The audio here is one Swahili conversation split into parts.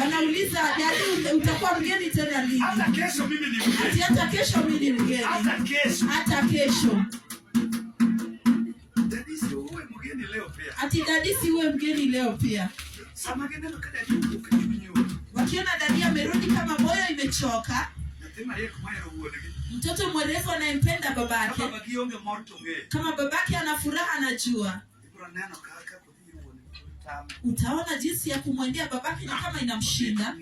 wanauliza jali utakuwa mgeni tena lini? Hata kesho mimi ni mgeni, hata kesho mimi ni mgeni, hata kesho, hata kesho. Dadisi uwe mgeni leo pia, ati dadisi uwe mgeni leo pia. Wakiona dadi amerudi kama moyo imechoka, mtoto mwerevu anayempenda babake, kama eh. babake ana furaha, anajua utaona jinsi ya kumwendea babake na kama inamshinda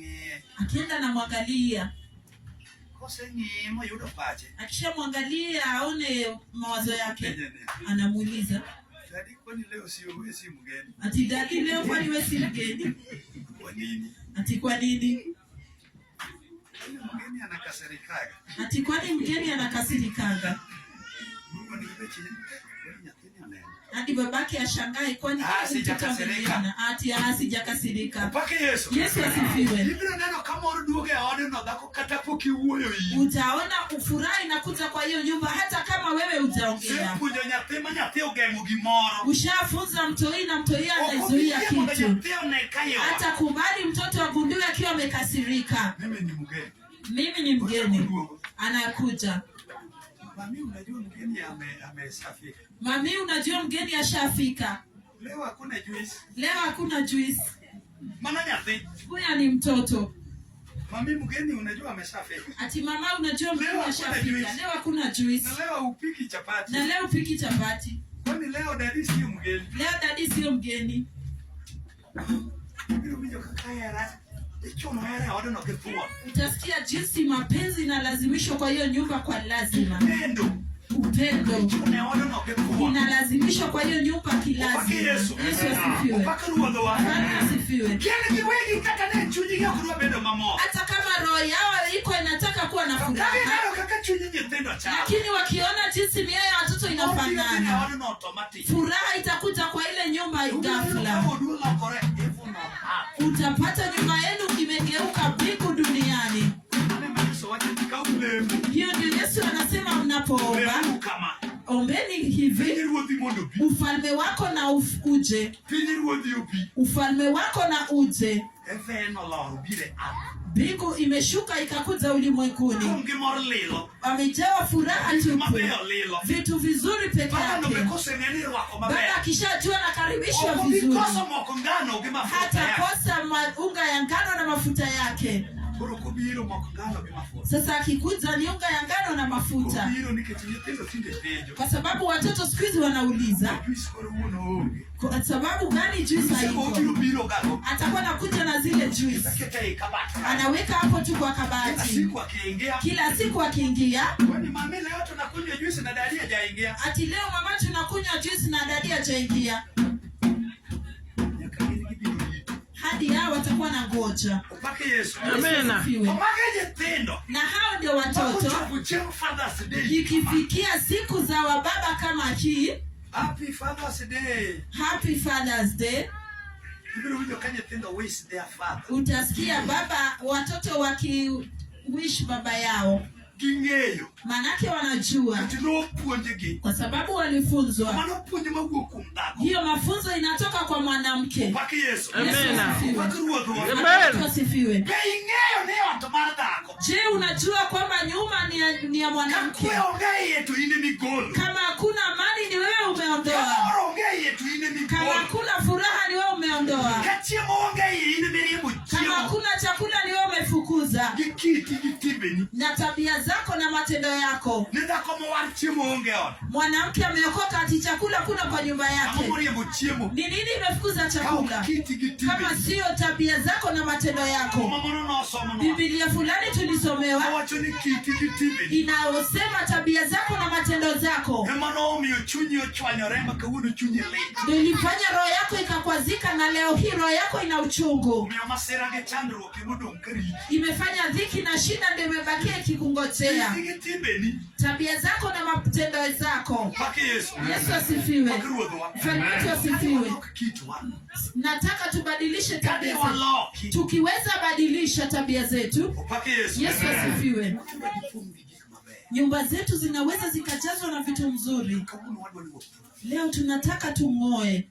akienda akisha akishamwangalia aone mawazo yake anamuuliza ati dadi leo kwani we si mgeni ati kwa nini ati kwani mgeni anakasirikaga hadi babake ashangae, kwani ah, sijakasirika, ati ah, sijakasirika. Mpaka Yesu, Yesu asifiwe. Biblia neno kama uruduge aoneno dhako katapuki uoyo hii, utaona kufurahi na kuja kwa hiyo nyumba, hata kama wewe utaongea sipunjo nyathi ma nyathi ugemu gimoro. Ushafunza mtoi na mtoi anazuia kitu, hata kubali mtoto agundue akiwa amekasirika. Mimi ni mgeni, mimi ni mgeni, anakuja Mimi Unajua mgeni amesafika Mami, unajua mgeni ashafika. Leo hakuna juice. Leo hakuna juice. Mama ni Huyu ni mtoto. Mami, mgeni unajua ameshafika. Ati mama unajua mgeni ashafika. Leo hakuna juice. Na leo upiki chapati. Na leo upiki chapati. Kwani leo dadi sio mgeni. Leo dadi sio mgeni. Utasikia jinsi mapenzi inalazimishwa kwa hiyo nyumba kwa lazima. Nendo kutendo inalazimishwa kwa hiyo nyumba kilazi. Yesu asifiwe. Yaani Hata kama roho yao iko inataka kuwa na furaha, lakini wakiona jinsi mia ya watoto inafanana, furaha itakuja kwa ile nyumba ghafla. Utapata nyuma yenu imegeuka biku duniani unapoomba ombeni hivi, ufalme wako na uje, ufalme wako na uje. Mbingu imeshuka ikakuja ulimwenguni, amejawa furaha tupu, vitu vizuri peke yake. Baba akishajua nakaribishwa vizuri, maunga ya ngano na mafuta yake. Sasa akikuja niunga ya ngano na mafuta, kwa sababu watoto siku hizi wanauliza kwa sababu gani juice haiko. Atakuwa nakuja na zile anaweka hapo tu kwa kabati, kila siku akiingia ati leo mama tunakunywa juice na dadi jaingia hadi hao watakuwa na ngoja. Amina. Na hao ndio watoto ikifikia siku za wababa kama hii. Happy Father's Day. Happy Father's Day. Utasikia baba watoto waki wish baba yao Ging'eyo. Manake wanajua. Kwa sababu walifunzwa. Hiyo mafunzo inatoka kwa mwanamke. Asifiwe. Je, unajua kwamba nyuma ni ya, ya mwanamke? Kama hakuna mani ni wewe umeondoa. Kama hakuna furaha ni wewe umeondoa. Kama hakuna chakula ni wewe kujifunza na tabia zako na matendo yako. Mwanamke ameokoka ati chakula kuna kwa nyumba yake. Ni nini imefukuza chakula kama sio tabia zako na matendo yako? bibilia fulani tulisomewa inaosema tabia zako na matendo zako nilifanya roho yako ikakwazika, na leo hii roho yako ina uchungu umefanya dhiki na shida, ndio imebakia ikikungojea. Tabia zako na matendo zako. Yesu asifiwe, mfalme wetu asifiwe. Nataka tubadilishe yaani tabia zetu, tukiweza badilisha tabia zetu. Yesu asifiwe. Nyumba zetu zinaweza zikajazwa na vitu mzuri. Leo tunataka tung'oe,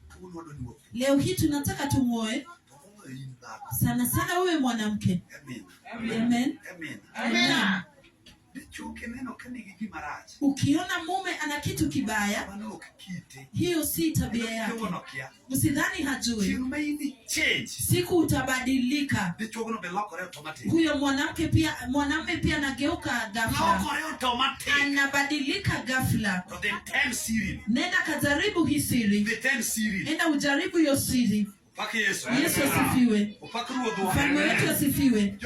leo hii tunataka tung'oe sana sana wewe mwanamke. Ukiona mume ana kitu kibaya, hiyo si tabia yake. Msidhani hajui, siku utabadilika. Huyo mwanamke pia, mwanamume pia anageuka ghafla, anabadilika ghafla. Nenda kajaribu hii siri, ujaribu hiyo siri Eh? Yesu asifiwe. Ah, Ufalme wetu eh? asifiwe.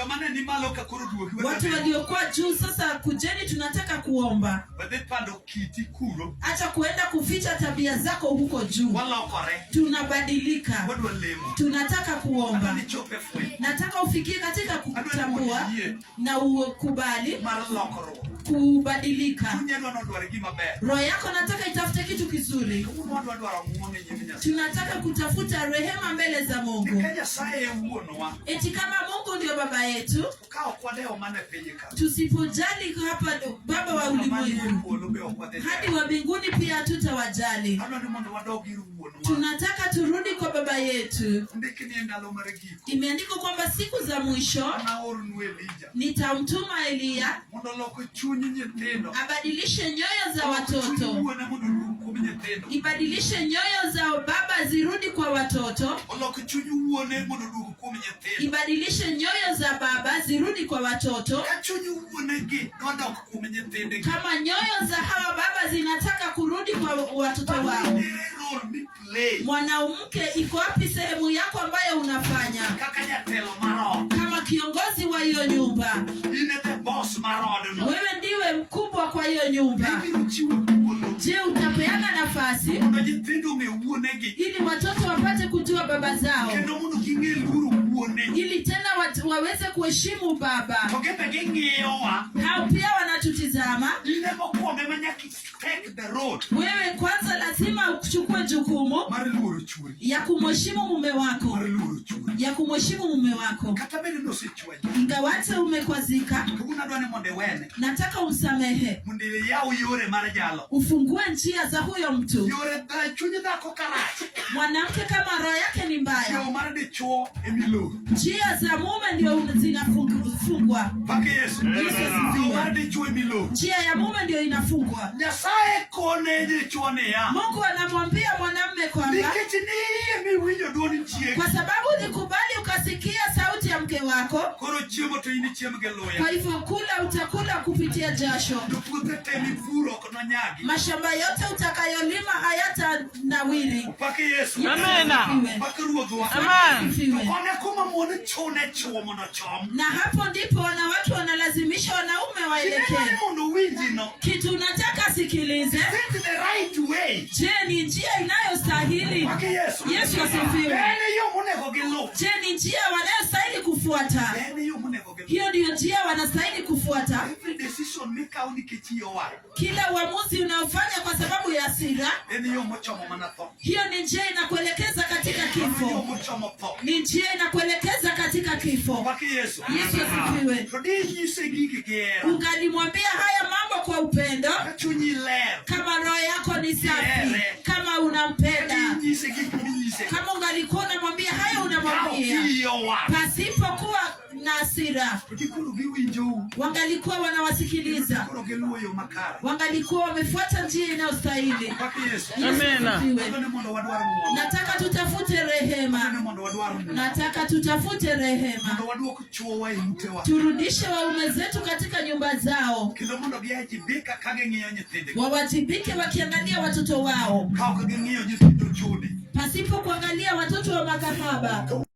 Watu waliokuwa juu sasa, kujeni, tunataka kuomba. Acha kuenda kuficha tabia zako huko juu. Tunabadilika, tunataka kuomba. Nataka ufikie katika kutambua na ukubali kubadilika. Roho yako nataka itafute kitu kizuri, tunataka kutafuta rehema mbele za Mungu, eti kama Mungu ndio baba yetu, tusipojali hapa baba wa ulimwengu hadi wa mbinguni pia hatutawajali. Tunataka turudi kwa baba yetu. Imeandikwa kwamba siku za mwisho nitamtuma Eliya abadilishe nyoyo za watoto, ibadilishe nyoyo za Baba, zirudi kwa watoto, ibadilishe nyoyo za Baba, zirudi kwa watoto. Kama nyoyo za hawa Baba zinataka kurudi kwa watoto wao, mwanamke, iko wapi sehemu yako ambayo unafanya kama kiongozi wa hiyo nyumba? Wewe kwa hiyo nyumba. Je, utapeana nafasi ili watoto wapate kujua baba zao ili tena waweze kuheshimu baba hao. Pia wanatutizama wewe, kwanza lazima uchukue jukumu ya kumheshimu mume wako ya kumheshimu mume wako, ngawate umekwazika, nataka umsamehe, ufungue njia za huyo mtu. Eh, Mwanamke kama roho yake ni mbaya, njia za mume ndio zinafungwa. Njia ya mume ndio inafungwa. Mungu anamwambia mwanamme kwamba kwa sababu Bali ukasikia sauti ya mke wako, kwa hivyo kula utakula kupitia jasho. Mashamba yote utakayolima hayata nawiri. Na hapo ndipo wanawake wanalazimisha wanaume waelekee. Kitu nataka sikilize. Je, ni njia inayostahili? Yesu asifiwe. Je, ni njia wanayostahili kufuata? Hiyo ndiyo njia wanastahili kufuata. Kila uamuzi unaofanya kwa asira. Hiyo ni njia inakuelekeza katika kifo, ni njia inakuelekeza katika kifo. Yesu asifiwe. Ungalimwambia haya mambo kwa upendo, kama roho yako ni safi, kama unampenda, kama ungalikuwa hasira, wangalikuwa wanawasikiliza, wangalikuwa wamefuata njia inayostahili. Nataka tutafute rehema, nataka tutafute rehema, turudishe waume zetu katika nyumba zao, wawajibike wakiangalia watoto wao pasipo kuangalia watoto wa makahaba.